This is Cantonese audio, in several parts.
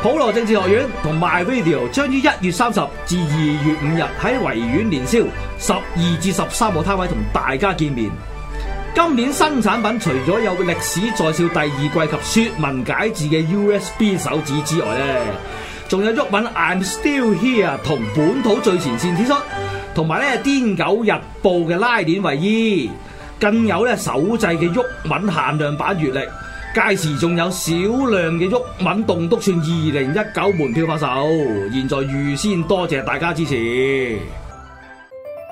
普羅政治學院同 MyVideo 將於一月三十至二月五日喺維園年宵十二至十三號攤位同大家見面。今年新產品除咗有歷史在笑第二季及說文解字嘅 USB 手指之外呢，仲有郁敏 I'm Still Here 同本土最前綫指出，同埋咧癲狗日報嘅拉鏈衛衣，更有咧手製嘅郁敏限量版月曆。屆時仲有少量嘅郁敏棟督券二零一九門票發售，現在預先多謝大家支持。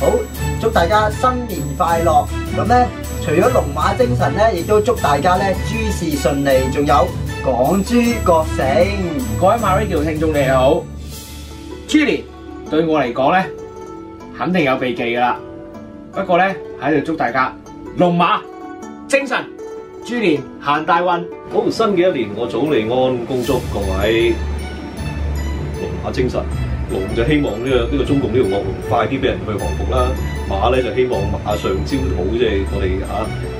好，祝大家新年快樂。咁咧，除咗龍馬精神咧，亦都祝大家咧，諸事順利，仲有港豬覺醒。各位 MyRadio 聽眾你好，豬年對我嚟講咧，肯定有避忌噶啦。不過咧，喺度祝大家龍馬精神，豬年行大運。好，新嘅一年我早利安恭祝各位龍馬精神。龍就希望呢個呢個中共呢條惡龍快啲俾人去降服啦，馬咧就希望馬上招討，即係我哋啊，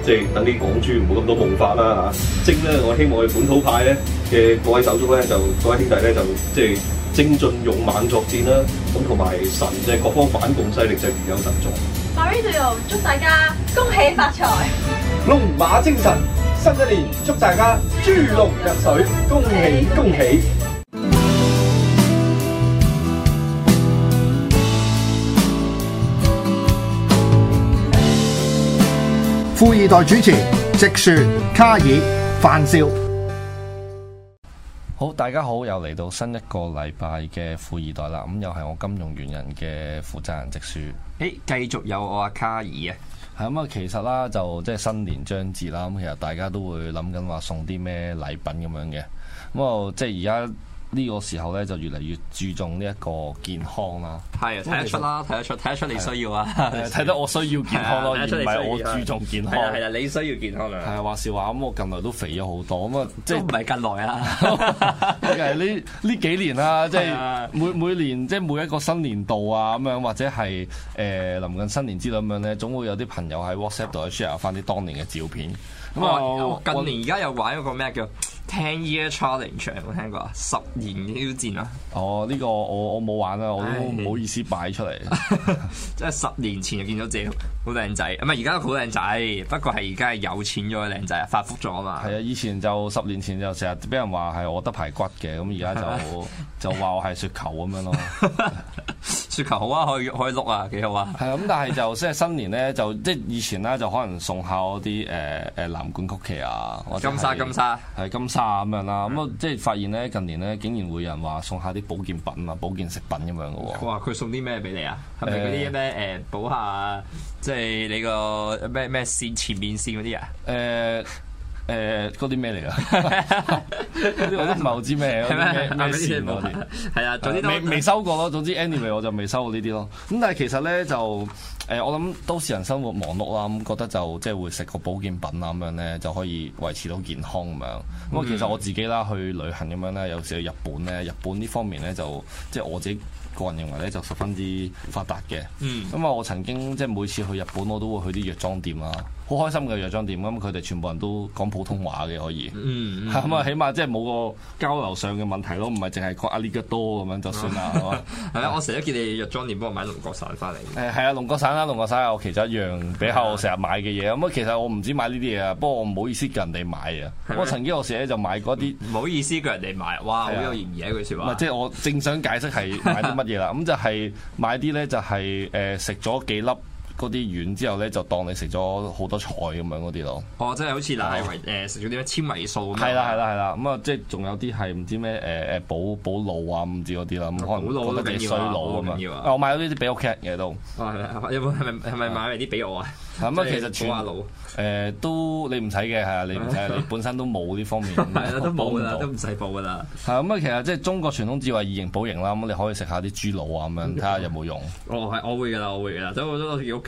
即係等啲港豬唔好咁多夢法啦吓，精咧我希望嘅本土派咧嘅各位手足咧就各位兄弟咧就即係精進勇猛作戰啦，咁同埋神就各方反共勢力就如有神助。MyRadio 祝大家恭喜發財，龍馬精神，新一年祝大家豬龍入水，恭喜恭喜。富易袋主持直樹、卡爾、范少，好，大家好，又嚟到新一個禮拜嘅富易袋啦，咁、嗯、又係我金融元人嘅負責人直樹，誒、欸，繼續有我阿卡爾啊，係咁啊，其實啦，就即係新年將至啦，咁、嗯、其實大家都會諗緊話送啲咩禮品咁樣嘅，咁、嗯、啊，即係而家。呢個時候咧就越嚟越注重呢一個健康啦。係啊，睇得出啦，睇得出，睇得出你需要啊！睇得我需要健康咯，唔係我注重健康。係啊，係啊，你需要健康啊！係啊，話時話，咁我近來都肥咗好多，咁啊，即係都唔係近來啦，係呢呢幾年啦，即係每每年即係每一個新年度啊，咁樣或者係誒臨近新年之類咁樣咧，總會有啲朋友喺 WhatsApp 度 share 返啲當年嘅照片。咁啊，近年而家又玩一個咩叫？Ten Year Challenge 有冇聽過啊？十年挑戰啊！哦，呢個我我冇玩啊，我都唔好意思擺出嚟。即係、哎、 十年前就見到自己好靚仔，咁係而家好靚仔，不過係而家係有錢咗嘅靚仔啊，發福咗啊嘛。係啊，以前就十年前就成日俾人話係我得排骨嘅，咁而家就 就話我係雪球咁樣咯。 雪球好啊，可以可以碌啊，幾好啊。係啊，咁但係就即係新年咧，就即係以前咧就可能送下啲誒誒藍罐曲奇啊，金沙金沙係金沙。咁樣啦，咁啊即係發現咧，近年咧竟然會有人話送下啲保健品啊、保健食品咁樣嘅喎。哇！佢話佢送啲咩俾你啊？係咪嗰啲咩誒補下即係、就是、你個咩咩線前面線嗰啲啊？誒、呃。誒嗰啲咩嚟㗎？嗰啲 我都唔係好知咩，咩事嗰啲。係啊， 啊，總之未未收過咯。總之 anyway，我就未收過呢啲咯。咁但係其實咧就誒，我諗都市人生活忙碌啦，咁覺得就即係會食個保健品啊咁樣咧就可以維持到健康咁樣。咁、嗯、其實我自己啦去旅行咁樣咧，有時去日本咧，日本呢方面咧就即係我自己個人認為咧就十分之發達嘅。咁啊、嗯，我曾經即係每次去日本我都會去啲藥妝店啦。好開心嘅藥妝店，咁佢哋全部人都講普通話嘅，可以，咁啊，起碼即係冇個交流上嘅問題咯，唔係淨係講阿列吉多咁樣就算啦，係啊，我成日見你藥妝店幫我買龍角散翻嚟，誒係啊，龍角散啦，龍角散係我其中一樣比較成日買嘅嘢，咁啊其實我唔知買呢啲嘢啊，不過我唔好意思叫人哋買啊，我曾經有時咧就買嗰啲唔好意思叫人哋買，哇好有嫌疑！一句説話，即係我正想解釋係買啲乜嘢啦，咁就係買啲咧就係誒食咗幾粒。嗰啲丸之後咧，就當你食咗好多菜咁樣嗰啲咯。哦，即係好似嗱誒食咗啲咩纖維素咁。係啦係啦係啦，咁啊即係仲有啲係唔知咩誒誒補補腦啊唔知嗰啲啦，咁、嗯呃啊嗯、可能覺得自己衰老，老，老啊嘛。我買咗呢啲俾屋企人嘅都。啊係，咪係咪買嚟啲俾我啊？咁啊，其實補下腦誒都你唔使嘅，係啊你唔使， 你本身都冇呢方面係都冇啦，都唔使補噶啦。係咁啊，其實即係中國傳統智慧，以形補形啦，咁、嗯、你可以食下啲豬腦啊咁樣，睇下有冇用。嗯、哦係，我會噶啦，我會噶啦，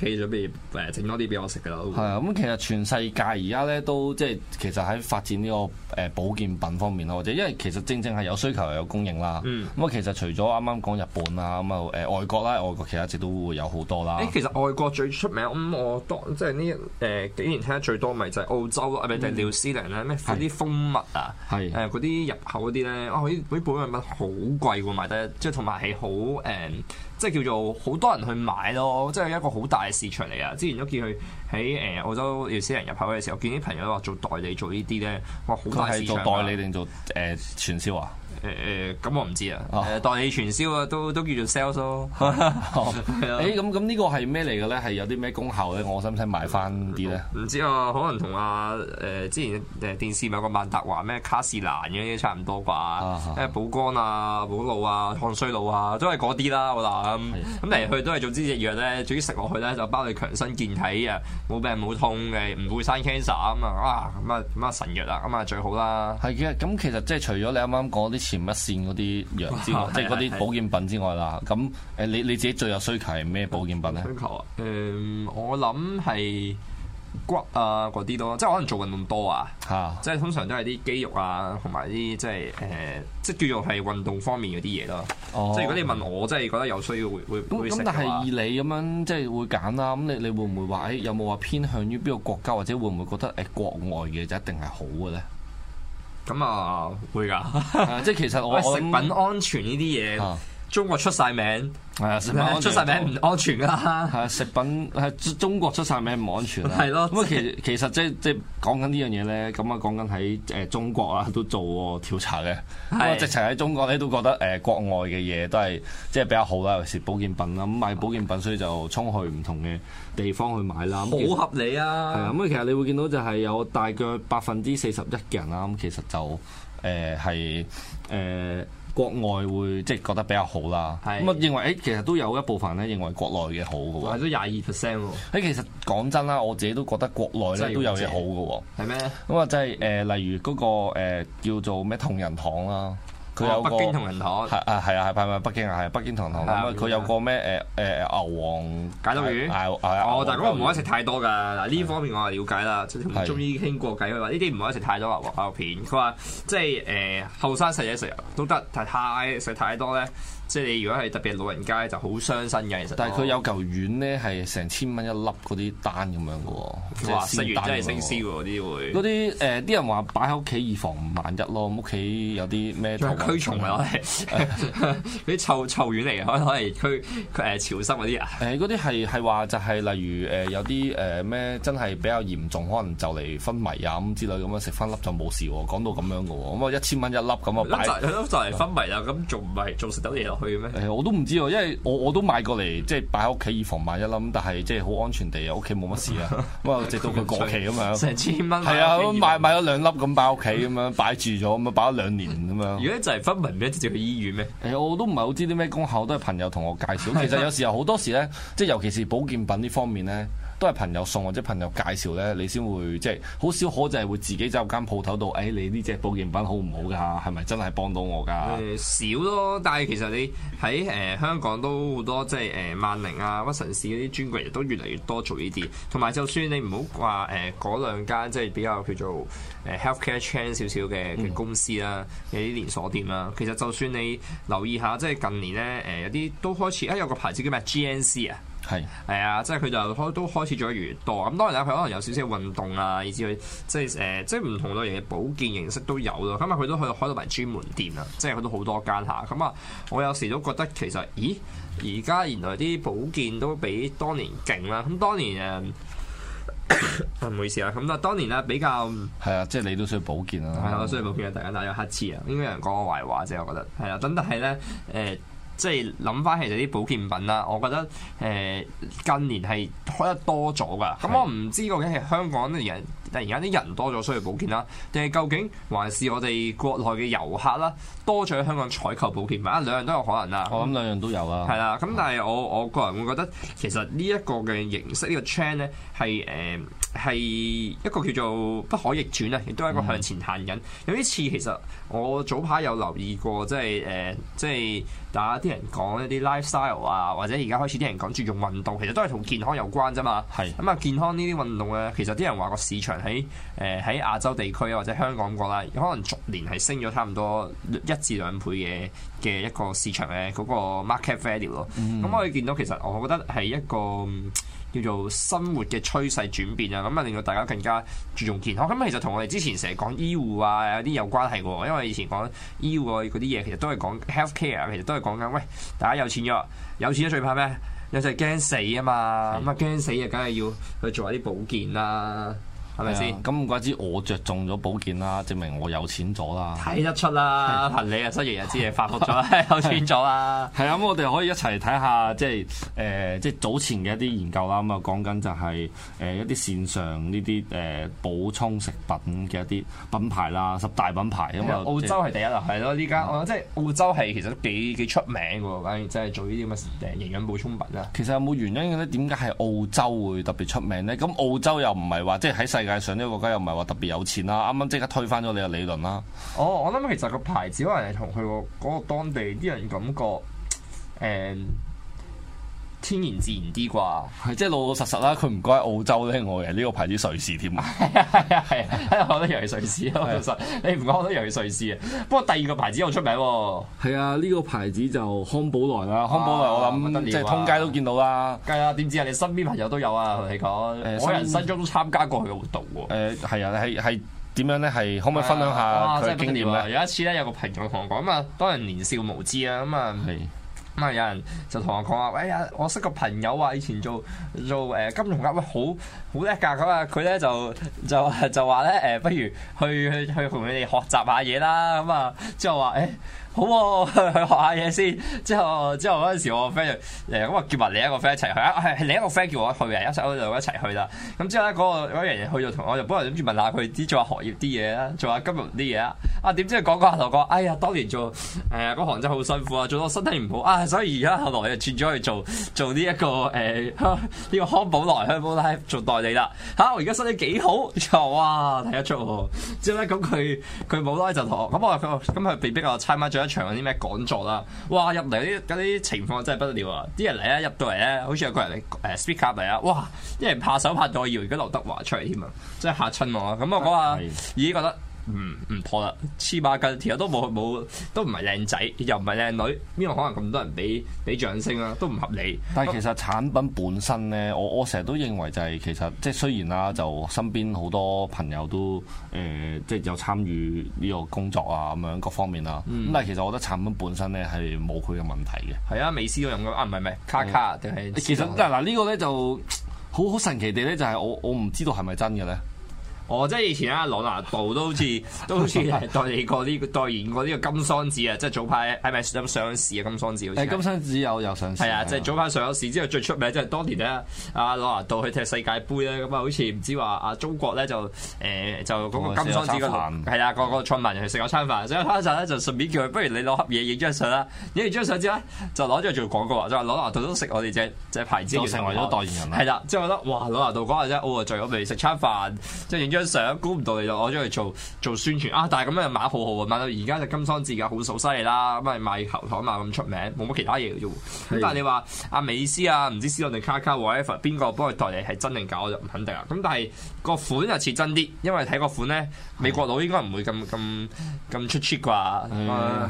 佢準備誒整多啲俾我食㗎啦，係啊！咁其實全世界而家咧都即係其實喺發展呢個誒保健品方面咯，或者因為其實正正係有需求又有供應啦。嗯。咁啊，其實除咗啱啱講日本啦，咁啊誒外國啦，外國其實一直都會有好多啦。誒，其實外國最出名咁，我當即係呢誒幾年聽得最多咪就係澳洲啊，唔係定療師娘咩？嗰啲蜂蜜啊，係嗰啲入口嗰啲咧啊，嗰啲保健品好貴喎，賣得即係同埋係好誒。即係叫做好多人去買咯，即係一個好大嘅市場嚟啊！之前都見佢喺誒澳洲要私人入口嘅時候，見啲朋友話做代理做呢啲咧，哇！好大市場佢係、啊、做代理定做誒、呃、傳銷啊？誒誒，咁、呃、我唔知啊。誒，代理傳銷啊，都都叫做 sales 咯。誒、啊 teenage 欸，咁咁呢個係咩嚟嘅咧？係有啲咩功效咧？我使唔使買翻啲咧？唔、嗯、知啊，可能同啊，誒之前誒電視咪有個萬達話咩卡士蘭嘅嘢差唔多啩，保肝、hey. 啊、補腦啊、抗衰老啊，啊都係嗰啲啦。我諗咁嚟去都係總之 worthy,、mm hmm. crap, 隻藥咧，總之食落去咧就包你強身健體啊，冇病冇痛嘅，唔會生 cancer 啊嘛。啊， 咁啊咁啊神藥啊，咁啊 simple made、so、ped 最好啦。係嘅，咁其實即係除咗你啱啱講啲。前乜線嗰啲藥之外，啊、即係嗰啲保健品之外啦。咁誒，你你自己最有需求係咩保健品咧？需求、嗯、啊，誒，我諗係骨啊嗰啲咯，即係可能做運動多啊，即係通常都係啲肌肉啊，同埋啲即係誒，即係、呃、叫做係運動方面嗰啲嘢咯。哦、即係如果你問我，即係覺得有需要會會、嗯、會食嘅話。咁但係以你咁樣即係、就是、會揀啦。咁你你會唔會話誒有冇話偏向於邊個國家，或者會唔會覺得誒國外嘅就一定係好嘅咧？咁啊，會噶，即係其實我食品安全呢啲嘢。中國出晒名，係啊！食品出晒名唔安全啦，係啊！食品係 中國出晒名唔安全。係咯，咁啊其 其實， 其實即係即係講緊呢樣嘢咧，咁啊講緊喺誒中國啊都做過調查嘅，咁是直情喺中國咧都覺得誒、呃、國外嘅嘢都係即係比較好啦，尤其是保健品啦，咁買保健品所以就衝去唔同嘅地方去買啦。好合理啊！係啊，咁其實你會見到就係有大概百分之四十一嘅人啦，咁其實就誒係誒。呃國外會即係覺得比較好啦，咁啊是的 認為誒、欸、其實都有一部分咧認為國內嘅好嘅喎，係都廿二 percent 喎。誒其實講真啦，我自己都覺得國內咧都有嘢好嘅喎，係咩？咁啊即係誒例如嗰個誒叫做咩同仁堂啦。佢有北京，北，京北京同仁堂，係啊係啊，係咪北京啊？係北京同仁堂。佢有個咩誒誒牛黃解毒丸，係啊。哦，但係嗰個唔可以食太多㗎。嗱呢是的 方面我係了解啦，同中醫傾過偈，佢話呢啲唔可以食太多牛黃片。佢話即係誒後生細嘢食都得，但係太食太多咧。即係你如果係特別老人家就好傷身嘅。其實，但係佢有嚿丸咧係成千蚊一粒嗰啲丹咁樣嘅喎，話食完真係成屍喎啲會。嗰啲誒啲人話擺喺屋企以防萬一咯，屋企有啲咩蟲啊？驅蟲嚟攞啲臭 臭丸嚟嘅，攞嚟，佢佢誒潮濕嗰啲啊。誒嗰啲係係話就係例如誒、呃、有啲誒咩真係比較嚴重，可能就嚟昏迷啊咁之類咁樣食翻粒就冇事喎。講到咁樣嘅喎，咁啊一千蚊一粒咁啊，粒 就係粒就嚟昏迷啊，咁仲唔係仲食得嘢咯？係、欸、我都唔知喎，因為我我都買過嚟，即係擺喺屋企以防萬一啦。但係即係好安全地啊，屋企冇乜事啊。咁啊，直到佢過期咁樣，成 千蚊。係啊，買買咗兩粒咁擺屋企咁樣 擺住咗，咁啊擺咗兩年咁 樣。如果就係發病，咪 直接去醫院咩？係啊、欸，我都唔係好知啲咩功效，都係朋友同我介紹。 其實有時候好多時咧，即係尤其是保健品呢方面咧。都係朋友送或者朋友介紹咧，你先會即係好少可就係會自己走入間鋪頭度。誒、哎，你呢隻保健品好唔好㗎？係咪真係幫到我㗎？誒少、嗯、咯，但係其實你喺誒、呃、香港都好多即係誒、呃、萬寧啊、屈臣氏嗰啲專櫃，亦都越嚟越多做呢啲。同埋就算你唔好話誒嗰兩間即係比較叫做誒 healthcare chain 少少嘅嘅公司啦，嗰啲、呃嗯、連鎖店啦、啊，其實就算你留意下，即係近年咧誒、呃、有啲都開始啊，有個牌子叫咩 GNC 啊。GN 係，係啊是、嗯，即係佢就開都開始咗越多，咁當然咧，佢可能有少少運動啊，以至佢即係誒，即係唔、呃、同類型嘅保健形式都有咯。咁啊，佢都去開到埋專門店啦，即係佢都好多間嚇。咁、嗯、啊，我有時都覺得其實，咦，而家原來啲保健都比當年勁啦。咁當年誒，唔、呃、好意思啊。咁啊，當年咧比較係啊，即係你都需要保健啦，需要保健啊，嗯、健大家打咗有黑字乞嗤啊，應該有人講我壞話啫，我覺得係啊。咁但係咧，誒、呃。即係諗翻起實啲保健品啦，我覺得誒、呃、近年係開得多咗噶。咁我唔知究竟係香港啲人，但係而家啲人多咗需要保健啦，定係究竟還是我哋國內嘅遊客啦多咗喺香港採購保健品啊？兩樣都有可能啊。我諗兩樣都有啊。係啦、嗯，咁但係我我個人會覺得其實呢一個嘅形式、這個、呢個 chain 咧係誒。係一個叫做不可逆轉啊，亦都係一個向前行緊。嗯、有啲次其實我早排有留意過，即係誒、呃，即係大家啲人講一啲 lifestyle 啊，或者而家開始啲人講注重運動，其實都係同健康有關啫嘛。係咁啊，健康呢啲運動咧，其實啲人話個市場喺誒喺亞洲地區啊，或者香港過啦，可能逐年係升咗差唔多一至兩倍嘅嘅一個市場嘅嗰個 market value 咯、嗯。咁可以見到其實我覺得係一個。叫做生活嘅趨勢轉變啊，咁啊令到大家更加注重健康。咁其實同我哋之前成日講醫護啊，有啲有關係喎。因為以前講醫護啊嗰啲嘢，其實都係講 health care，其實都係講緊。喂，大家有錢咗，有錢咗最怕咩？有就係驚死啊嘛。咁啊驚死啊，梗係要去做一啲保健啦。係咪先？咁唔怪之我着重咗保健啦，證明我有錢咗啦。睇得出啦，憑你啊，失業日之嘢發福咗，有錢咗啦。係啊，咁我哋可以一齊睇下，即係誒，即係早前嘅一啲研究啦。咁啊，講緊就係誒一啲線上呢啲誒補充食品嘅一啲品牌啦，十大品牌。咁啊，澳洲係第一啊，係咯，呢家我即係澳洲係其實都幾幾出名喎，反而即係做呢啲咁嘅誒營養補充品啊。其實有冇原因嘅咧？點解係澳洲會特別出名咧？咁澳洲又唔係話即係喺世界上呢個國家又唔係話特別有錢啦，啱啱即刻推翻咗你嘅理論啦。哦，oh, 我諗其實個牌子可能係同佢個嗰當地啲人感覺，誒、嗯。天然自然啲啩，係即係老老實實啦。佢唔該澳洲咧，我嘅呢個牌子瑞士添啊，係啊係啊，我都以為瑞士咯，其實你唔講我都以為瑞士啊。不過第二個牌子好出名喎，係啊，呢個牌子就康寶萊啦，康寶萊我諗即係通街都見到啦，梗係啦。點知啊，你身邊朋友都有啊，同你講我人生中都參加過佢嘅活動喎，誒係啊係係點樣咧？係可唔可以分享下佢經驗啊？有一次咧，有個朋友同我講啊嘛，當年年少無知啊咁啊。咁啊、嗯！有人就同我講話，喂呀！我識個朋友話以前做做誒、欸、金融嘅，好好叻㗎咁啊！佢咧就就就話咧誒，不如去去去同佢哋學習下嘢啦！咁啊，之後話誒。欸好喎、哦，去去學下嘢先。之後之後嗰陣時我，哎、我 friend 誒咁話叫埋另一個 friend 一齊去啊。係、哎、另一個 friend 叫我去嘅，一齊我就一齊去啦。咁之後咧嗰個嗰人人去就同我，就本來諗住問,問下佢知做下學業啲嘢啦，做下金融啲嘢啦。啊點知佢講講下同我講，哎呀當年做誒嗰、呃、行真州好辛苦啊，做到身體唔好啊、哎，所以而家後來就轉咗去做做呢、這、一個誒呢、呃這個康保來康保 l 做代理啦。吓、啊，我而家身體幾好，然後哇睇得出。之後咧咁佢佢冇拉就同我咁我佢咁佢被逼我猜,猜一場嗰啲咩講座啦，哇入嚟嗰啲啲情況真係不得了啊！啲人嚟咧入到嚟咧，好似有個人嚟誒 speak up 嚟啊！哇，啲人拍手拍掌，我以為而家劉德華出嚟添啊，真係嚇親我啊！咁我講下， 咦覺得。嗯，唔錯啦。黐孖筋，其實都冇冇，都唔係靚仔，又唔係靚女，邊個可能咁多人俾俾掌聲啊？都唔合理。但係其實產品本身咧，我我成日都認為就係、是、其實即係雖然啦，就身邊好多朋友都誒、呃，即係有參與呢個工作啊咁樣各方面啦。咁、嗯、但係其實我覺得產品本身咧係冇佢嘅問題嘅。係啊，美斯又唔咁啊？唔係唔係，卡卡定係？呃、其實嗱呢個咧就好好神奇地咧，就係我我唔知道係咪真嘅咧。哦，即係以前啊，朗拿度都好似都好似係代理過呢個代言過呢個金桑子啊，即係早排係咪上市啊金桑子？係金桑子有有上市。係啊，即係早排上市之後最出名，即係當年咧，阿朗拿度去踢世界杯咧，咁啊，好似唔知話啊中國咧就誒就嗰個金桑子個係啊個個創辦人去食咗餐飯，然後食咗餐飯，食咗餐飯咧就順便叫佢，不如你攞盒嘢影張相啦，影完張相之後咧就攞咗嚟做廣告，就話朗拿度都食我哋只隻牌子，就成為咗代言人啦。係啦，即係覺得哇，朗拿度日嘅啫，我最尾食餐飯，即係影張。想估唔到你就攞咗嚟做做宣傳，啊！但係咁樣買好好啊，買到而家就金嗓子噶，好手犀利啦！咁咪賣喉糖嘛，咁出名，冇乜其他嘢嘅啫。是的 但係你話阿、啊、美斯啊，唔知斯朗定卡卡或艾佛邊個幫佢代理係真定假，我就唔肯定啦。咁但係個款就似真啲，因為睇個款咧，美國佬應該唔會咁咁咁出 cheap 啩。誒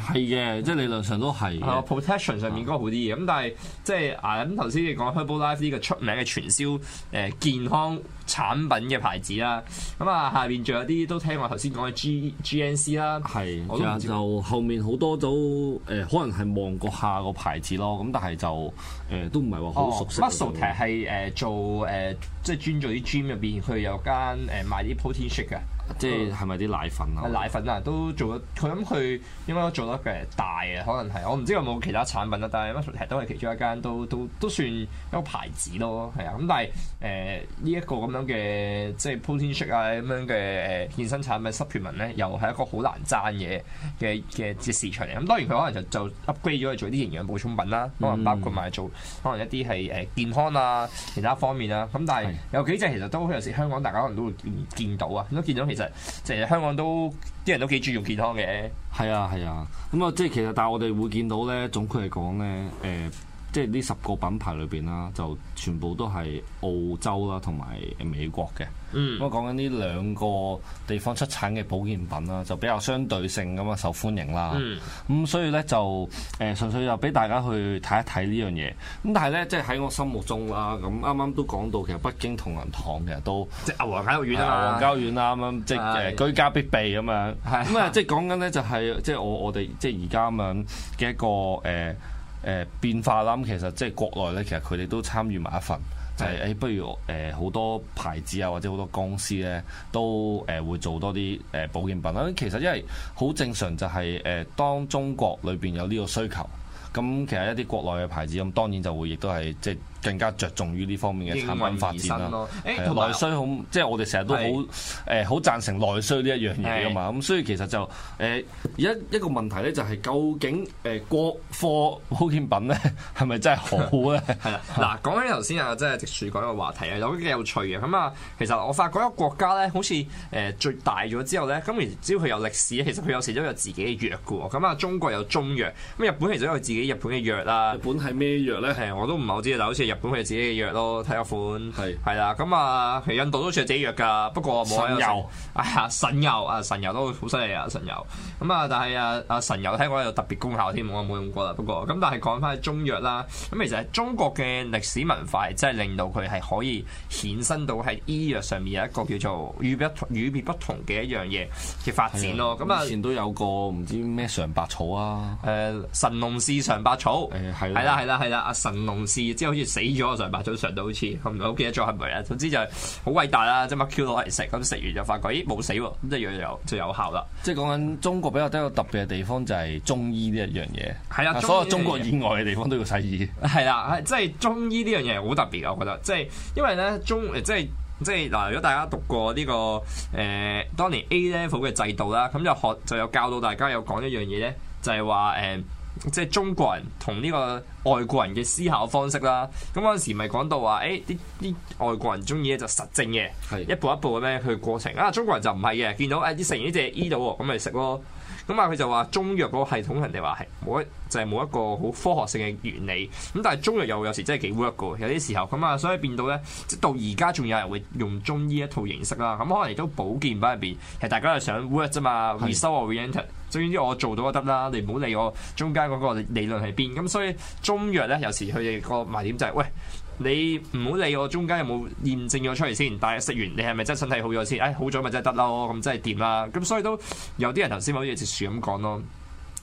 係嘅，即係理論上都係、啊。Protection 上面應該好啲嘅。咁、嗯、但係即係啊咁頭先你講 Herbalife 呢個出名嘅傳銷誒、呃、健康。呃產品嘅牌子啦，咁啊，下邊仲有啲都聽我頭先講嘅 G G N C 啦是，係，就後面好多都誒、呃，可能係望過下個牌子咯，咁但係就誒、呃、都唔係話好熟悉、哦。m u 係做誒。呃做呃即係專做啲 gym 入邊，佢有間誒賣啲 protein shake 嘅，即係係咪啲奶粉啊？奶粉啊，都做得。佢諗佢應該都做得嘅大啊，可能係我唔知有冇其他產品啦。但係乜其實都係其中一間，都都都算一個牌子咯，係啊。咁但係誒呢一個咁樣嘅即係 protein shake 啊咁樣嘅誒健身產品，supplement 咧，又係一個好難爭嘅嘅嘅嘅市場嚟。咁當然佢可能就就 upgrade 咗去做啲營養補充品啦，可能包括埋做可能一啲係誒健康啊其他方面啦。咁但係。有幾隻其實都有時香港大家可能都會見到啊，咁都見到其實成日香港都啲人都幾注重健康嘅。係啊係啊，咁啊即係其實，但係我哋會見到咧，總括嚟講咧，誒。即係呢十個品牌裏邊啦，就全部都係澳洲啦同埋美國嘅。嗯，咁講緊呢兩個地方出產嘅保健品啦，就比較相對性咁樣受歡迎啦。咁、嗯、所以咧就誒純粹就俾大家去睇一睇呢樣嘢。咁但係咧，即係喺我心目中啦，咁啱啱都講到其實北京同仁堂其實都即係牛黃膠丸啊，牛黃膠丸啦，啱啱即係居家必備咁樣。係咁啊！哎、即係講緊咧就係即係我我哋即係而家咁樣嘅一個誒。嗯誒變化啦，咁其實即係國內呢，其實佢哋都參與埋一份，就係誒，不如誒好多牌子啊，或者好多公司呢，都誒會做多啲誒保健品啦。其實因為好正常，就係誒當中國裏邊有呢個需求，咁其實一啲國內嘅牌子，咁當然就會亦都係即係。更加着重於呢方面嘅產品發展咯。誒內需好，即係我哋成日都好誒好贊成內需呢一樣嘢啊嘛。咁是所以其實就誒而家一個問題咧，就係究竟誒、呃、國貨保健品咧係咪真係好咧？係啦。 嗱講起頭先啊，即係直樹講一個話題啊，有幾有趣嘅。咁啊，其實我發覺一個國家咧，好似誒最大咗之後咧，咁然之後佢有歷史，其實佢有時都有自己嘅藥嘅喎。咁、嗯、啊，中國有中藥，咁日本其實有自己日本嘅藥啦、 嗯。日本係咩藥咧？係、 嗯、我都唔係好知，就好似。日本佢自己嘅藥咯，睇一款係係啦，咁啊是，其實印度都有自己藥噶，不過冇友、哎。神油，哎神油啊，神油都好犀利啊，神油。咁啊，但係啊啊神油聽講有特別功效添，我冇用過啦。不過咁，但係講翻係中藥啦。咁其實係中國嘅歷史文化，真係令到佢係可以衍生到喺醫藥上面有一個叫做與別不同嘅一樣嘢嘅發展咯。咁啊的，嗯、以前都有個唔知咩嘗百草啊，誒、呃、神農氏嘗百草，誒係啦，係啦，係啦，阿神農氏即係好似死咗啊！上白，早上到好似，唔記得咗係咪，啊？總之就係好偉大啦，即係抌 Q 落嚟食，咁食完就發覺，咦冇死喎！咁一樣又就有效啦。即係講緊中國比較得一個特別嘅地方，就係中醫呢一樣嘢。係啊，所有中國以外嘅地方都要西醫。係啦、啊，係、啊、即係中醫呢樣嘢好特別嘅，我覺得。即係因為咧中，即係即係嗱，如果大家讀過呢、這個誒、呃、當年 A level 嘅制度啦，咁就學就有教到大家有講一樣嘢咧，就係話誒。呃即係中國人同呢個外國人嘅思考方式啦，咁嗰陣時咪講到話，誒啲啲外國人中意咧就實證嘅，係是的 一步一步咁樣佢個過程，啊中國人就唔係嘅，見到誒啲食完呢隻醫到喎，咁咪食咯。咁啊，佢就話中藥嗰個系統，人哋話係冇一就係、是、冇一個好科學性嘅原理。咁但係中藥又有時真係幾 work 嘅，有啲時候咁啊、嗯，所以變到咧，即到而家仲有人會用中醫一套形式啦。咁、嗯、可能亦都保健品入邊，其實大家係想 work 啫嘛， 而收我，reenter。總之我做到就得啦，你唔好理我中間嗰個理論係邊。咁、嗯、所以中藥咧，有時佢哋個賣點就係、是、喂。你唔好理我中間有冇驗證咗出嚟先，但係食完你係咪真係身體好咗先？誒、哎、好咗咪真係得咯，咁真係掂啦。咁所以都有啲人頭先好似直樹咁講咯，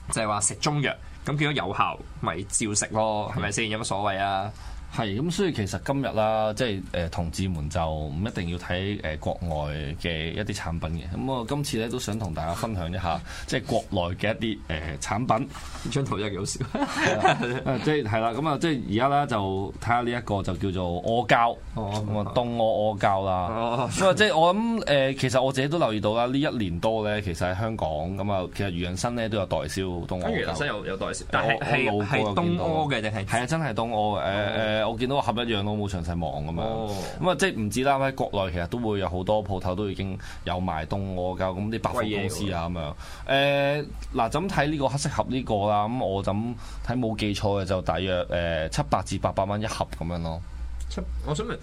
就係、是、話食中藥，咁見到有效咪照食咯，係咪先？有乜所謂啊？係，咁所以其實今日啦，即係誒同志們就唔一定要睇誒國外嘅一啲產品嘅。咁我今次咧都想同大家分享一下，即係國內嘅一啲誒產品。張圖真係幾好笑，即係係啦，咁啊，即係而家啦，就睇下呢一個就叫做阿膠，東阿阿膠啦。咁啊，即係我諗誒，其實我自己都留意到啦，呢一年多咧，其實喺香港咁啊，其實馮醫生咧都有代銷東阿阿膠。馮醫生有有代銷，但係係係東阿嘅定係？係啊，真係東阿嘅，誒誒。我見到盒一樣咯，冇詳細望咁樣，咁啊、oh. 嗯、即係唔止啦，喺國內其實都會有好多鋪頭都已經有賣東我教，咁啲百貨公司啊，咁、嗯、樣，誒嗱，咁睇呢個黑色盒呢、呢個啦，咁我咁睇冇記錯嘅就大約誒七百至八百蚊一盒咁樣咯，七我想問，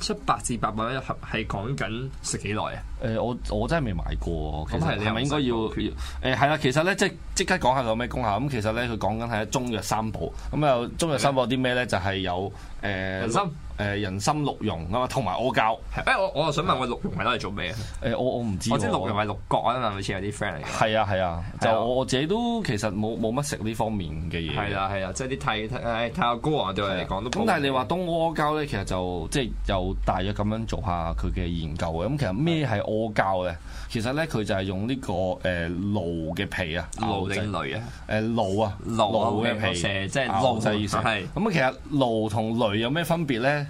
出百至百萬一盒，係講緊食幾耐啊？誒，我我真係未買過。咁係，係咪應該要？誒，係啦。其實咧，即即刻講下有咩功效。咁其實咧，佢講緊係中藥三寶。咁啊，中藥三寶有啲咩咧？就係有誒。誒人參鹿茸啊嘛，同埋阿膠。誒我我啊想問，個鹿茸係攞嚟做咩啊？誒我我唔知。我知鹿茸係鹿角啊嘛，好似有啲 friend 嚟嘅。係啊係啊，就我自己都其實冇冇乜食呢方面嘅嘢。係啊，係啊，即係啲替誒替下啊對我嚟講都。咁但係你話東阿膠咧，其實就即係有大約咁樣做下佢嘅研究嘅。咁其實咩係阿膠咧？其實咧佢就係用呢個誒驢嘅皮啊，驢頂雷啊，誒驢啊驢嘅皮，即係熬製意思。係咁其實驢同雷有咩分別咧？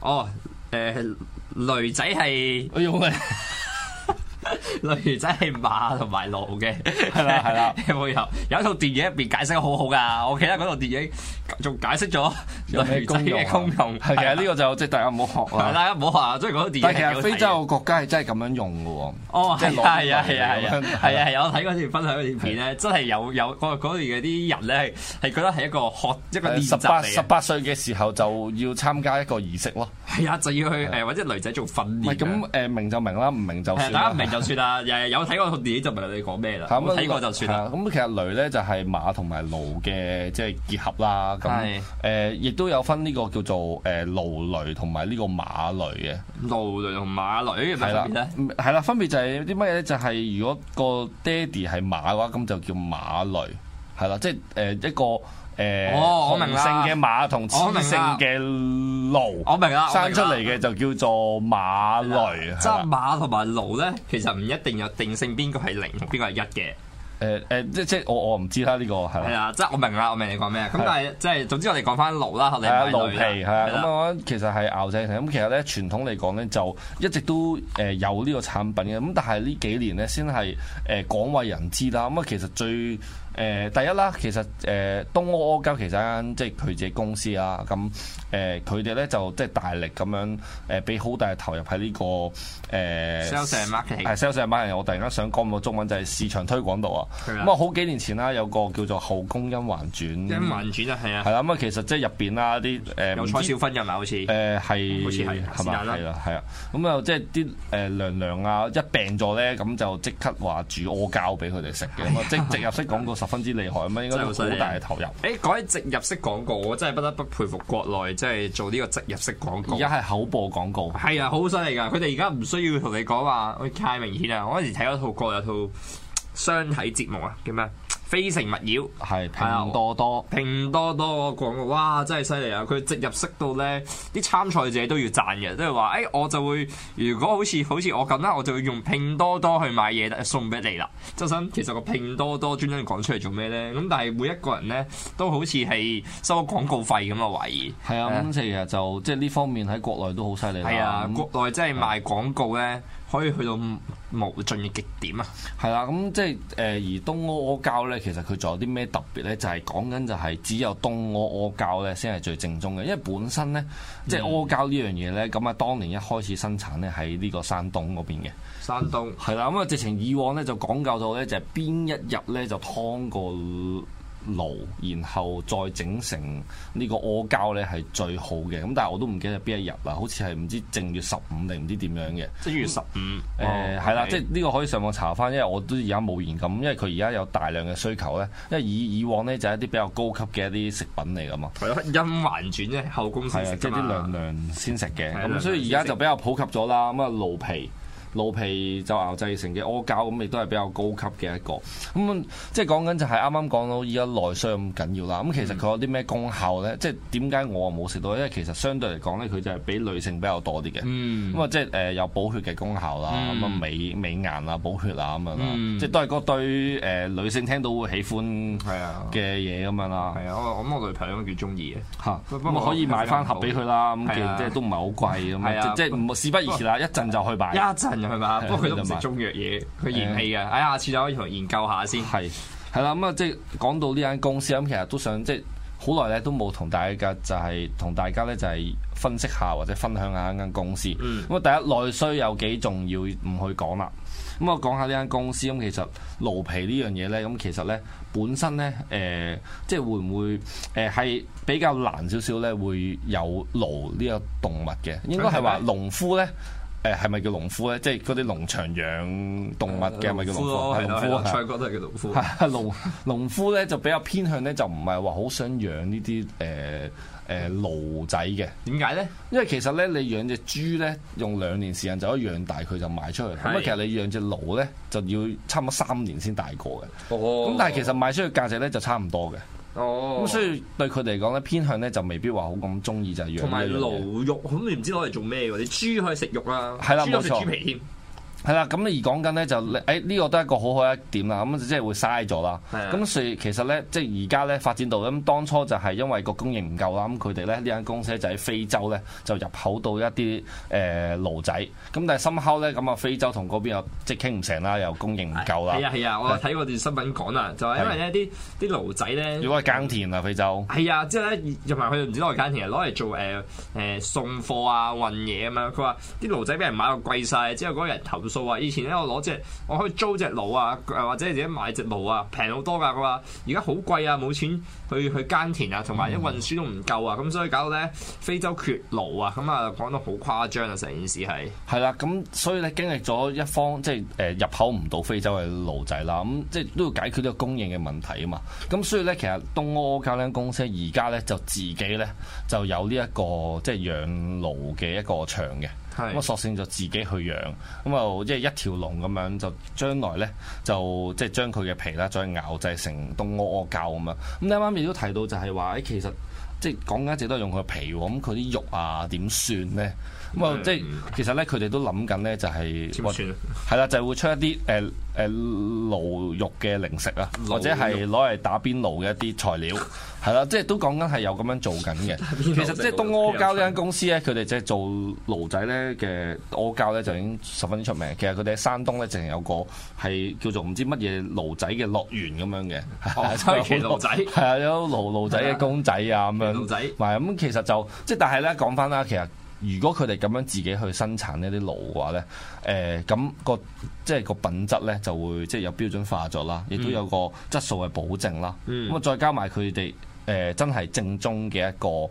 哦，誒、呃，雷仔係。哎呀！例如真係馬同埋路嘅，係啦係啦。我有有一套電影入邊解釋得好好噶，我記得嗰套電影仲解釋咗。有咩功用？功用係其實呢個就即係大家唔好學啊！大家唔好學啊！即係嗰套電影。其實非洲個國家係真係咁樣用嘅喎。哦，係啊係啊係啊係啊係！我睇過之前分享嗰段片咧，真係有有嗰嗰段嘅啲人咧係係覺得係一個學一個練習嚟。十八十八歲嘅時候就要參加一個儀式咯。係啊、 嗯，就要去誒或者女仔做訓練、嗯。咁、嗯、誒，明就明啦，唔明就算。係 大家唔明就算啦，又有睇過套電影就明你講咩啦。睇 過就算啦、嗯。咁、嗯嗯、其實騾咧就係馬同埋驢嘅即係結合啦。咁誒亦都有分呢個叫做誒驢騾同埋呢個馬騾嘅驢騾同馬騾。係啦，係啦、嗯嗯嗯，分別就係啲乜嘢？就係、是、如果個爹哋係馬嘅話，咁就叫馬騾。係啦，即係誒一個誒雄、呃哦、性嘅馬同可雌性嘅驢，我明生出嚟嘅就叫做馬騾。吧即係馬同埋驢咧，其實唔一定有定性邊個係零，邊個係一嘅。誒誒，即即係我我唔知啦。呢個係係啊，即係我明啦、這個。我明，我明你講咩？咁吧但係即係總之我爐，吧爐，我哋講翻驢啦。啊，驢皮係咁啊，其實係牛仔咁。其實咧，傳統嚟講咧，就一直都誒有呢個產品嘅。咁但係呢幾年咧，先係誒廣為人知啦。咁啊，其實最誒第一啦，其實誒東阿阿膠其實間即係佢自己公司啊。咁誒佢哋咧就即係大力咁樣誒俾好大嘅投入喺呢個誒 s a l l 我突然間想講個中文就係市場推廣度啊！咁啊好幾年前啦，有個叫做後宮恩環轉，恩環轉啊，係啊，係啦，咁啊其實即係入邊啦啲誒有蔡少芬㗎嘛，好似誒係，好似係，啊，係啊，咁啊即係啲誒娘娘啊一病咗咧，咁就即刻話煮阿膠俾佢哋食嘅，咁啊即係入式廣告。十分之厲害啊！咁應該好大嘅投入。誒，講、 欸、起植入式廣告，我真係不得不佩服國內即係、就是、做呢個植入式廣告。而家係口播廣告，係 啊，好犀利㗎！佢哋而家唔需要同你講話，太明顯喇！我嗰陣時睇咗套國內有套雙體節目啊，叫咩？非誠勿擾係，拼多多，拼多多嘅廣告，哇，真係犀利啊！佢直入識到咧，啲參賽者都要賺嘅，即係話，哎我就會，如果好似好似我咁啦，我就會用拼多多去買嘢送俾你啦。周生其實個拼多多專登講出嚟做咩咧？咁但係每一個人咧都好似係收個廣告費咁嘅懷疑。係啊，咁、啊嗯、其實就即係呢方面喺國內都好犀利。係啊，國內即係賣廣告咧。可以去到無盡嘅極點啊！係啦，咁即係誒，而東阿阿膠呢，其實佢仲有啲咩特別呢？就係講緊就係只有東阿阿膠呢先係最正宗嘅。因為本身呢，即係阿膠呢樣嘢呢，咁啊，當年一開始生產呢，喺呢個山東嗰邊嘅。山東係啦，咁啊，直情以往呢，就講究到呢，就係邊一日呢，就劏過，爐，然後再整成呢個阿膠咧，係最好嘅。咁但係我都唔記得係邊一日啦，好似係唔知正月十五定唔知點樣嘅。正月十五，誒係啦，即係呢個可以上網查翻，因為我都而家冇言咁，因為佢而家有大量嘅需求呢，因為以以往呢就係一啲比較高級嘅一啲食品嚟㗎嘛。係咯，陰環轉啫，後宮先食啫嘛。即係啲娘娘先食嘅，咁所以而家就比較普及咗啦。咁啊，驢皮。鹿皮就熬製成嘅阿膠咁，亦都係比較高級嘅一個。咁即係講緊就係啱啱講到依家內傷咁緊要啦。咁其實佢有啲咩功效咧？即係點解我冇食到？因為其實相對嚟講咧，佢就係俾女性比較多啲嘅。咁啊，即係誒有補血嘅功效啦。咁啊，美美顏啊，補血啊咁樣啦。即係都係嗰對誒女性聽到會喜歡嘅嘢咁樣啦。係啊，我我女朋友幾中意嘅。嚇，咁可以買翻盒俾佢啦。咁既即係都唔係好貴咁啊。即即事不宜遲啦，一陣就去買。一陣。係嘛？的不過佢都唔食中藥嘢，佢、嗯、嫌棄嘅。哎，下次就可以同佢研究下先。係係啦，咁啊，即係講到呢間公司咁，其實都想即係好耐咧，都冇同大家就係同大家咧就係分析下或者分享一下呢間公司。咁啊、嗯，第一內需有幾重要，唔去講啦。咁我講下呢間公司咁，其實驢皮呢樣嘢咧，咁其實咧本身咧，誒、呃，即係會唔會誒係比較難少少咧？會有驢呢個動物嘅，應該係話農夫咧。誒，係咪叫農夫咧？即係嗰啲農場養動物嘅，係咪叫農夫？係啊，菜角都係叫農夫。農農、哦、夫咧就比較偏向咧，就唔係話好想養、呃呃、呢啲誒誒驢仔嘅。點解咧？因為其實咧，你養隻豬咧，用兩年時間就可以養大佢就賣出去。咁啊的，其實你養隻驢咧，就要差唔多三年先大個嘅。咁但係其實賣出去價值咧就差唔多嘅。哦，咁所以對佢哋嚟講咧，偏向咧就未必話好咁中意就係、是、養呢樣嘢。同埋驢肉，咁你唔知攞嚟做咩喎？你豬可以食肉啦，了係啦，豬可以食豬皮。係啦，咁而講緊咧就誒呢個都係一個好好一點啦，咁即係會嘥咗啦。咁的所以其實咧，即係而家咧發展到咁，當初就係因為個供應唔夠啦，咁佢哋咧呢間公司就喺非洲咧就入口到一啲誒驢仔。咁但係深後咧咁啊，非洲同嗰邊又即係傾唔成啦，又供應唔夠啦。係啊係啊，我睇過段新聞講啦，就係因為呢啲啲驢仔咧如果係耕田啊非洲係啊，之後咧入埋去佢唔知攞嚟耕田，攞嚟做誒誒送貨啊運嘢咁樣。佢話啲驢仔俾人買到貴晒，之後嗰個人頭。以前咧我攞隻，我可以租隻驢啊，誒或者自己買隻驢啊，平好多㗎佢話。而家好貴啊，冇錢去去耕田啊，同埋啲運輸都唔夠啊，咁所以搞到咧非洲缺驢啊，咁啊講得好誇張啊，成件事係。係啦，咁所以咧經歷咗一方即係誒入口唔到非洲嘅驢仔啦，咁即係都要解決呢個供應嘅問題啊嘛。咁所以咧其實東阿膠呢公司而家咧就自己咧就有呢、這、一個即係養驢嘅一個場嘅。咁我索性就自己去養，咁就即係一條龍咁樣，就將來咧就即係將佢嘅皮咧再熬製成東阿膠咁樣。咁你啱啱亦都提到就係話，誒其實即係講緊一直都係用佢嘅皮喎，咁佢啲肉啊點算咧？咁即係其實咧，佢哋都諗緊咧，就係，係啦，就係會出一啲誒誒驢肉嘅零食啊，肉或者係攞嚟打邊爐嘅一啲材料，係啦， 即係都講緊係有咁樣做緊嘅。 其實即係東阿膠呢間公司咧，佢哋即係做驢仔咧嘅阿膠咧，就已經十分之出名。其實佢哋喺山東咧，淨係有個係叫做唔知乜嘢驢仔嘅樂園咁樣嘅，有、哦、 驢仔，係啊， 有驢驢仔嘅公仔啊咁樣，咪咁其，其實就即係，但係咧講返啦，其實。如果佢哋咁樣自己去生產呢啲爐嘅話呢，誒咁個即係個品質呢就會即係有標準化咗啦，亦都有個質素嘅保證啦。咁啊、嗯、再加埋佢哋誒真係正宗嘅一個誒誒、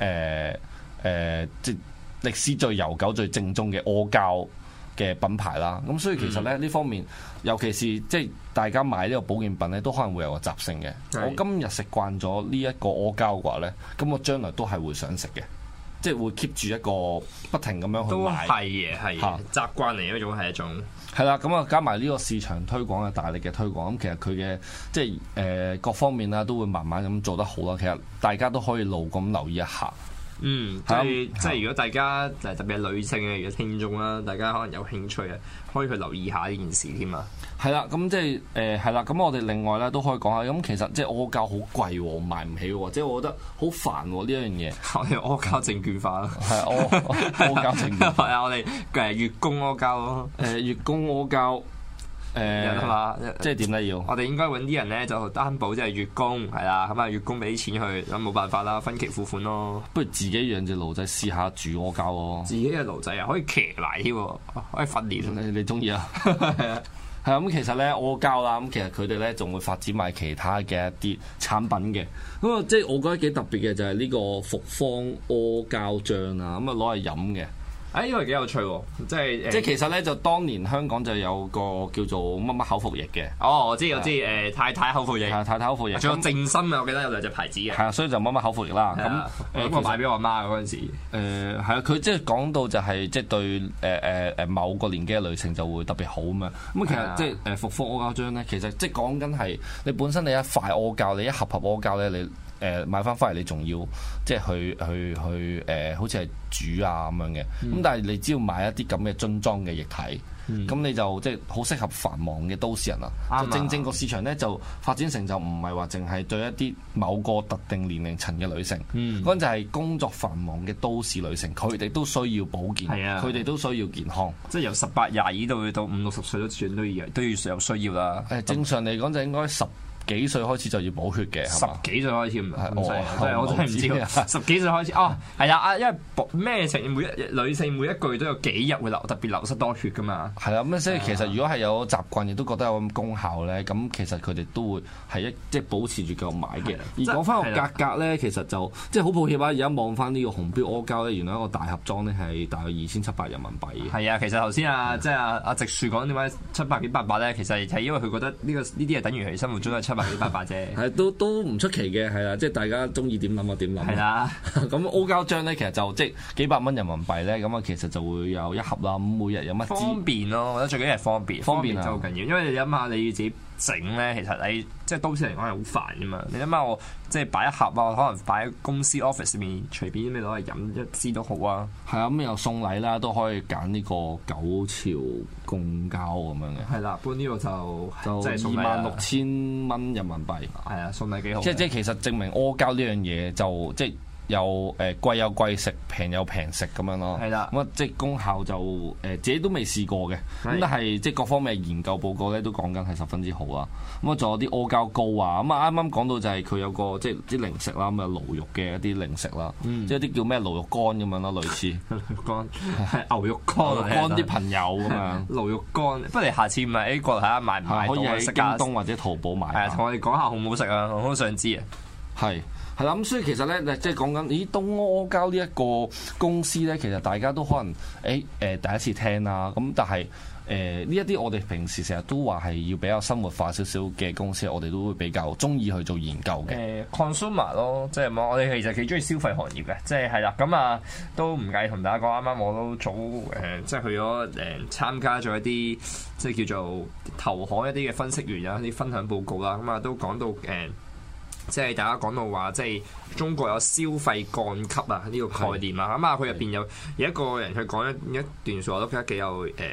呃呃、即歷史最悠久、最正宗嘅阿、呃、膠嘅品牌啦。咁所以其實咧呢、嗯、方面，尤其是即係大家買呢個保健品呢，都可能會有個習性嘅。是我今日食慣咗呢一個阿、呃、膠嘅話呢，咁我將來都係會想食嘅。即係會 keep 住一個不停咁樣去買，都係嘅，係習慣嚟一,一種，係一種。係啦，咁啊加埋呢個市場推廣嘅大力嘅推廣，咁其實佢嘅即係誒、呃、各方面啦，都會慢慢咁做得好啦。其實大家都可以路咁留意一下。嗯，係、就是、的即係如果大家誒特別係女性嘅聽眾啦，大家可能有興趣啊，可以去留意下呢件事添啊。係啦，咁即係誒，係啦，咁我哋另外咧都可以講下，咁其實即係阿膠好貴，買唔起，即係我覺得好煩呢一樣嘢。我哋阿膠證券化啦，係阿阿膠證券化啊！我哋誒月供阿膠咯，誒月供阿膠誒係嘛？即係點咧？要我哋應該搵啲人咧就擔保，即係月供係啦，咁啊月供俾錢去咁冇辦法啦，分期付款咯。不如自己養隻驢仔試下煮阿膠，自己嘅驢仔啊可以騎犁，可以訓練，你你中意啊？嗯、其實呢，阿膠啦，嗯、其實佢哋咧仲會發展埋其他嘅一啲產品嘅，咁啊、嗯、我覺得幾特別嘅就係、是、呢個復方阿膠漿啦、啊，咁啊攞嚟飲嘅。哎，呢個幾有趣喎！即係即係其實咧，就當年香港就有個叫做乜乜口服液嘅。哦，我知我知，誒太太口服液，太太口服液，仲有靜心嘅，我記得有兩隻牌子嘅。係啊，所以就乜乜口服液啦。咁咁我買俾我媽嗰陣時。誒係啊，佢即係講到就係即係對誒誒誒某個年紀嘅女性就會特別好啊嘛。咁其實即係誒復方阿膠漿咧，其實即係講緊係你本身你一塊阿膠，你一盒盒阿膠咧你。誒買翻翻嚟，你仲要即係去去去誒、呃，好似係煮啊咁樣嘅。咁但係你只要買一啲咁嘅樽裝嘅液體，咁、嗯、你就即係好適合繁忙嘅都市人啦！啱、嗯、正正個市場咧就發展成就唔係話淨係對一啲某個特定年齡層嘅女性，嗰陣、嗯嗯、就係工作繁忙嘅都市女性，佢哋都需要保健，佢哋、嗯、都需要健康。即係由十八廿二到到五六十歲都算都要都要有需要啦。誒、嗯，正常嚟講就應該十幾歲開始就要補血嘅？十幾歲開始唔我真係唔知。十幾歲開始，哦，係啊，因為補咩食，每一女性每一句都有幾日會流，特別流失多血噶嘛。係啊，咁所以其實如果係有習慣，亦都覺得有咁功效咧，咁其實佢哋都會係一即係保持住夠買嘅。而講翻個價格咧，其實就即係好抱歉啊！而家望翻呢個紅標阿膠咧，原來一個大盒裝咧係大約二千七百人民幣嘅。係啊，其實頭先啊，即係阿啊直樹講點解七百幾八百咧？其實係因為佢覺得呢個呢啲係等於佢生活中嘅七。幾百百啫，係 都都唔出奇嘅，係啦，即係大家中意點諗啊點諗、啊的。係啦，咁阿膠漿咧，其實就即係幾百蚊人民幣咧，咁啊其實就會有一盒啦。咁每日有乜方便咯？我覺得最緊要係方便，方便，方便就好緊要。是的 因為你諗下，你要接。整咧，其實你即係、就是、都市嚟講係好煩噶嘛。你諗下，我即係擺一盒啊，我可能擺喺公司 office 入面，隨便啲咩攞嚟飲一支都好啊。係啊，咁又送禮啦，都可以揀呢個九朝公交咁樣嘅。係啦，搬呢個就就二萬六千蚊人民幣。係啊，送禮幾好。即即其實證明阿膠呢樣嘢就即。有誒貴有貴食，平有平食咁樣咯。係啦。咁啊，即係功效就誒自己都未試過嘅。係。咁但係即係各方面研究報告咧都講緊係十分之好啊。咁啊，仲有啲阿膠糕啊。咁啊，啱啱講到就係佢有個即係啲零食啦，咁啊，驢肉嘅一啲零食啦。即係啲叫咩驢肉乾咁樣咯，類似。牛肉乾係牛肉乾乾啲朋友啊嘛。驢肉乾，不如下次咪過嚟買唔買可以去京東或者淘寶買。同我哋講下好唔好食啊？我好想知啊。係。係啦，咁、嗯、所以其實咧，即係講緊，咦，東阿阿膠呢一個公司咧，其實大家都可能誒誒、欸呃、第一次聽啦、啊。咁但係誒呢一啲，呃、我哋平時成日都話係要比較生活化少少嘅公司，我哋都會比較中意去做研究嘅、呃。consumer 咯，即、就、係、是、我哋其實幾中意消費行業嘅、就是嗯呃，即係係啦。咁、呃、啊，都唔介意同大家講，啱啱我都早誒，即係去咗誒參加咗一啲即係叫做投行一啲嘅分析員一啲分享報告啦，咁、嗯、啊都講到誒。呃即係大家講到話，即係中國有消費降級啊呢、這個概念啊，咁啊佢入邊有有一個人去講一一段話，我都覺得幾有誒、呃、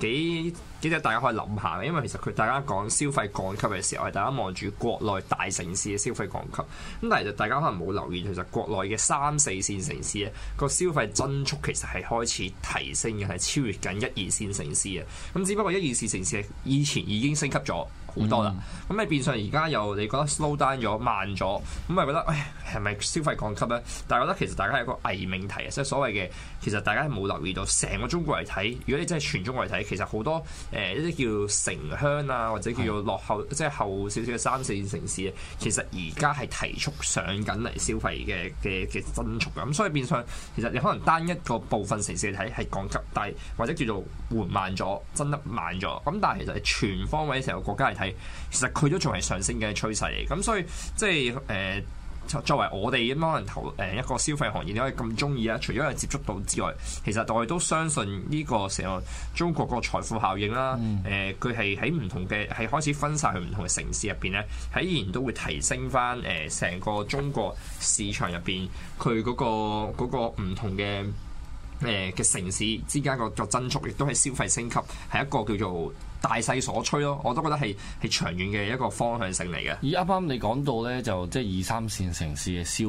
幾幾隻大家可以諗下嘅，因為其實佢大家講消費降級嘅時候，係大家望住國內大城市嘅消費降級，咁但係就大家可能冇留意，其實國內嘅三四線城市咧，個消費增速其實係開始提升嘅，係超越緊一二線城市嘅，咁只不過一二線城市以前已經升級咗。好多啦，咁你變相而家又你覺得 slow down 咗、慢咗，咁咪覺得誒係咪消費降級咧？但係覺得其實大家係一個偽命題啊，即係所謂嘅，其實大家係冇留意到成個中國嚟睇，如果你真係全中國嚟睇，其實好多誒一啲叫城鄉啊，或者叫做落後，即係後少少嘅三四線城市，其實而家係提速上緊嚟消費嘅嘅嘅增速。咁所以變相，其實你可能單一個部分城市嚟睇係降級低，或者叫做緩慢咗、增得慢咗，咁但係其實係全方位成個國家嚟睇。係，其實佢都仲係上升嘅趨勢嚟，咁所以即係誒、呃，作為我哋咁可能投誒一個消費行業，你可以咁中意啊。除咗係接觸到之外，其實我哋都相信呢個時候中國個財富效應啦。誒、呃，佢係喺唔同嘅係開始分散去唔同嘅城市入邊咧，喺依然都會提升翻誒成個中國市場入邊佢嗰個、嗰個唔同嘅誒嘅城市之間個、嗰個增速，亦都係消費升級係一個叫做大勢所趨咯，我都覺得係係長遠嘅一個方向性嚟嘅。而啱啱你講到呢，就即係二三線城市嘅消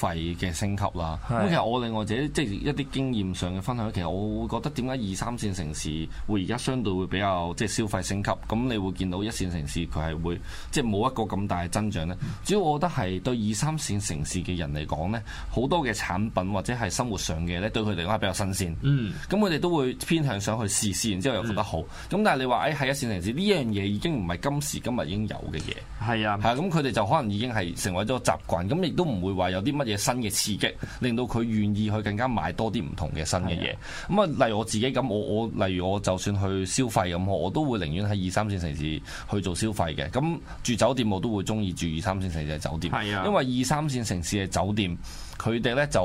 費嘅升級啦。咁是其實我另外自己即係一啲經驗上嘅分享，其實我會覺得點解二三線城市會而家相對會比較即係、就是、消費升級，咁你會見到一線城市佢係會即係冇一個咁大嘅增長呢。嗯、主要我覺得係對二三線城市嘅人嚟講呢，好多嘅產品或者係生活上嘅呢，對佢嚟講係比較新鮮。嗯。咁佢哋都會偏向想去試試，然後之後又覺得好。咁、嗯、但係你話誒、哎係一線城市呢樣嘢已經唔係今時今日已經有嘅嘢，係啊，係咁佢哋就可能已經係成為咗習慣，咁亦都唔會話有啲乜嘢新嘅刺激，令到佢願意去更加買多啲唔同嘅新嘅嘢。咁啊、嗯，例如我自己咁，我我例如我就算去消費咁，我都會寧願喺二三線城市去做消費嘅。咁、嗯、住酒店我都會中意住二三線城市嘅酒店，啊、因為二三線城市嘅酒店。佢哋咧就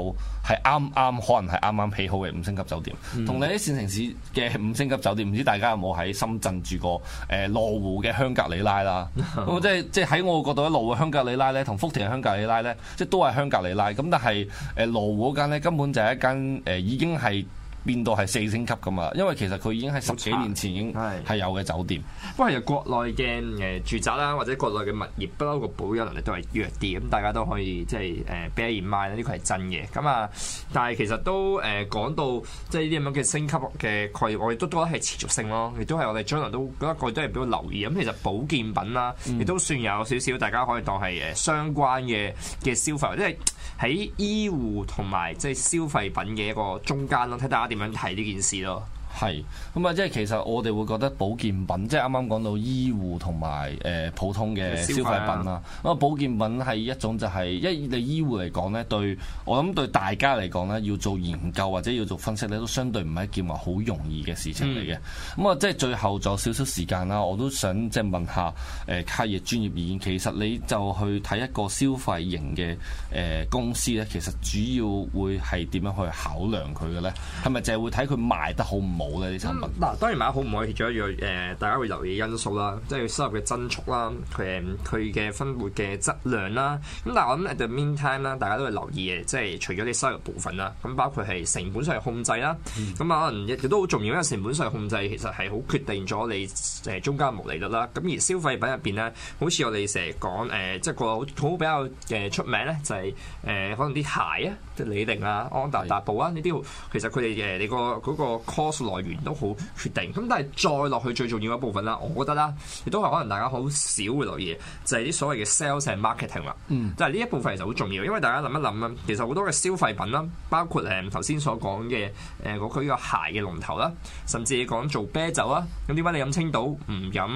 係啱啱，可能係啱啱起好嘅五星級酒店，同你一線城市嘅五星級酒店，唔知大家有冇喺深圳住過誒、呃、羅湖嘅香格里拉啦？咁即係即係喺我角度羅湖嘅香格里拉咧，同福田嘅香格里拉咧，即係都係香格里拉，咁但係誒羅湖嗰、呃、間咧根本就係一間誒、呃、已經係。變到係四星級㗎嘛，因為其實佢已經喺十幾年前已經係有嘅酒店。不過，由國內嘅誒、呃、住宅啦、啊，或者國內嘅物業，不嬲個保養能力都係弱啲。咁大家都可以即係誒俾人賣啦，呢個係真嘅。咁、嗯、啊，但係其實都誒、呃、講到即係呢啲咁樣嘅升級嘅概念，我亦都覺得係持續性咯，亦都係我哋將來都覺得佢都係比較留意。咁其實保健品啦、啊，亦都算有少少，大家可以當係誒相關嘅嘅消費，即係喺醫護同埋即係消費品嘅一個中間咯。睇睇點樣睇呢件事咯？係，咁啊，即係其實我哋會覺得保健品，即係啱啱講到醫護同埋誒普通嘅消費品啦。咁啊，保健品係一種就係、是、一你醫護嚟講咧，對我諗對大家嚟講咧，要做研究或者要做分析咧，都相對唔係一件話好容易嘅事情嚟嘅。咁啊、嗯，即係最後仲有少少時間啦，我都想即係問下誒卡爾專業意見，其實你就去睇一個消費型嘅誒公司咧，其實主要會係點樣去考量佢嘅咧？係咪淨係會睇佢賣得好唔好？好啦，啲產品嗱，當然買得好唔可以撇咗一樣誒，大家會留意因素啦，即係收入嘅增速啦，誒佢嘅分撥嘅質量啦。咁但係我諗喺 the meantime 啦，大家都會留意嘅，即係除咗啲收入部分啦，咁包括係成本上嘅控制啦。咁啊，可能亦都好重要，因為成本上嘅控制其實係好決定咗你誒中間毛利率啦。咁而消費品入邊咧，好似我哋成日講誒，即係個好比較誒出名咧，就係誒可能啲鞋啊。即係李寧啊、安踏、大布啊，呢啲其實佢哋誒你個嗰個 course 來源都好決定。咁但係再落去最重要一部分啦、啊，我覺得啦、啊，亦都係可能大家好少會留意，就係、是、啲所謂嘅 sales 同 marketing 啦。就係呢一部分其實好重要，因為大家諗一諗啊，其實好多嘅消費品啦、啊，包括誒頭先所講嘅誒嗰個鞋嘅龍頭啦、啊，甚至你講做啤酒啦、啊，咁點解你飲青島唔飲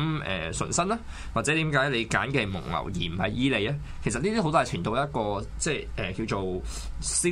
誒純生啦？或者點解你揀嘅蒙牛而唔係伊利啊？其實呢啲好大程度一個即係誒、呃、叫做。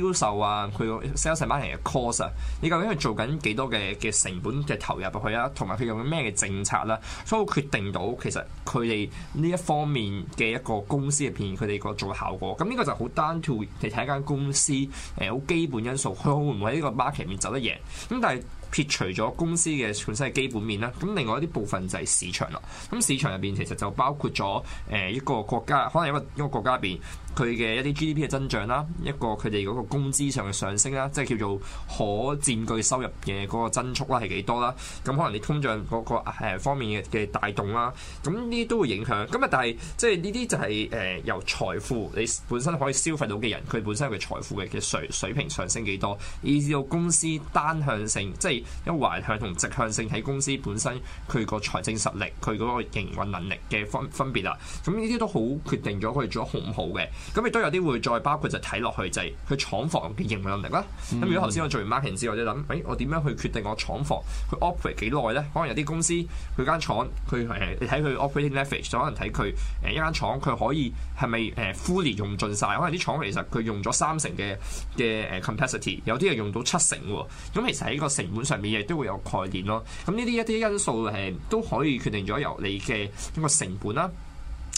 銷售啊，佢個 sales 班人嘅 cost 啊，你究竟佢做緊幾多嘅嘅成本嘅投入入去啊，同埋佢用咩嘅政策啦、啊，所以決定到其實佢哋呢一方面嘅一個公司入邊佢哋個做效果。咁呢個就好單調嚟睇一間公司誒好、呃、基本因素，佢會唔會喺呢個 market 面走得贏？咁但係撇除咗公司嘅本身嘅基本面啦，咁另外一啲部分就係市場啦。咁市場入邊其實就包括咗誒、呃、一個國家，可能一個一個國家入邊。佢嘅一啲 GDP 嘅增長啦，一個佢哋嗰個工資上嘅上升啦，即係叫做可佔據收入嘅嗰個增速啦，係幾多啦？咁可能你通脹嗰個方面嘅嘅帶動啦，咁呢啲都會影響。咁啊，但係即係呢啲就係誒由財富你本身可以消費到嘅人，佢本身有嘅財富嘅嘅水水平上升幾多，以至到公司單向性，即係一橫向同直向性喺，公司本身，佢個財政實力、佢嗰個營運能力嘅分分別啦。咁呢啲都好決定咗佢做得好唔好嘅。咁亦都有啲會再包括就睇落去就係佢廠房嘅營運能力啦。咁如果頭先我做完 marketing 之後，就諗，欸，我點樣去決定我廠房佢 operate 幾耐咧？可能有啲公司佢間廠佢誒，你睇佢 operating leverage，可能睇佢誒一間廠佢可以係咪誒 fully 用盡晒。可能啲廠其實佢用咗三成嘅嘅誒 capacity，有啲又用到七成喎。咁其實喺個成本上面亦都會有概念咯。咁呢啲一啲因素係都可以決定咗由你嘅一個成本啦。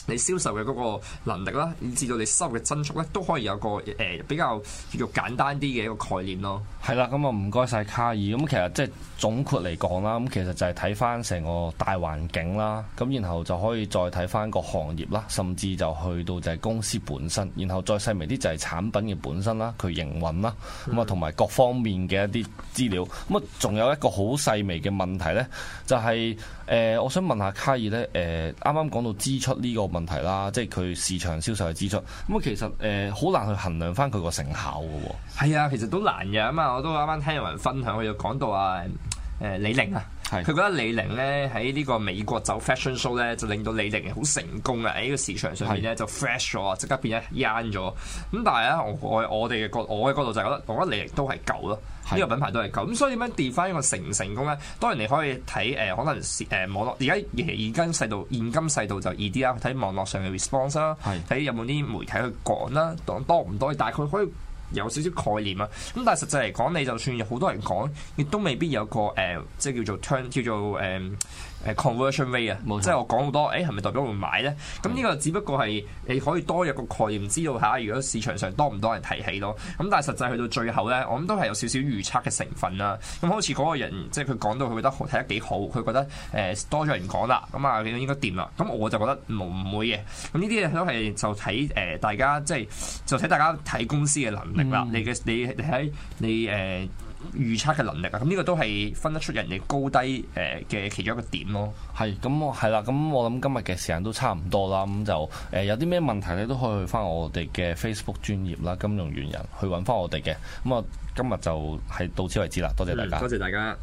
你銷售嘅嗰個能力啦，以至到你收入嘅增速咧，都可以有個誒、呃、比較簡單啲嘅一個概念咯。係啦、啊，咁啊唔該晒卡爾。咁其實即係總括嚟講啦，咁其實就係睇翻成個大環境啦，咁、啊、然後就可以再睇翻個行業啦，甚至就去到就係公司本身，然後再細微啲就係產品嘅本身啦，佢營運啦，咁啊同埋各方面嘅一啲資料。咁、嗯、啊，仲有一個好細微嘅問題咧、就係，就係誒，我想問下卡爾咧，誒啱啱講到支出呢個問問題啦，即係佢市場銷售嘅支出，咁啊其實誒好、呃、難去衡量返佢個成效㗎喎。係啊，其實都難嘅啊嘛，我都啱啱聽有人分享，佢又講到啊，誒、呃、李寧啊。佢覺得李寧咧喺呢個美國走 fashion show 咧，就令到李寧好成功啊！喺個市場上邊咧就 fresh 咗，即刻變咗 young 咗。咁但係咧，我我哋嘅角，我嘅角，角度就係覺得，我覺得李寧都係舊咯，呢是的 個品牌都係舊。咁所以點樣 define 呢個成唔成功咧？當然你可以睇誒、呃、可能誒、呃、網絡而家而而家世道現今世道就易啲啦，睇網絡上嘅 response 啦，睇是的 有冇啲媒體去講啦，多多唔多，但係佢可以。有少少概念啊，咁但係實際嚟講，你就算有好多人講，亦都未必有個誒、呃，即係叫做 turn，叫做誒。呃誒 conversion rate 啊，即係錯我講好多，誒係咪代表會買咧？咁呢個只不過係你可以多一個概念，知道下。如果市場上多唔多人提起咯，咁但係實際去到最後咧，我諗都係有少少預測嘅成分啦。咁好似嗰個人，即係佢講到佢覺得睇得幾好，佢覺得誒多咗人講啦，咁啊應該掂啦。咁我就覺得冇唔會嘅。咁呢啲都係就睇誒大家即係就睇、是、大家睇公司嘅能力啦。你嘅你喺你誒。你呃預測嘅能力啊，咁呢個都係分得出人嘅高低誒嘅其中一個點咯。係咁、哦，係啦，咁我諗今日嘅時間都差唔多啦，咁就誒、呃、有啲咩問題你都可以去翻我哋嘅 Facebook 專頁啦，金融元人去揾翻我哋嘅。咁啊，今日就係到此為止啦，多謝大家，多謝大家。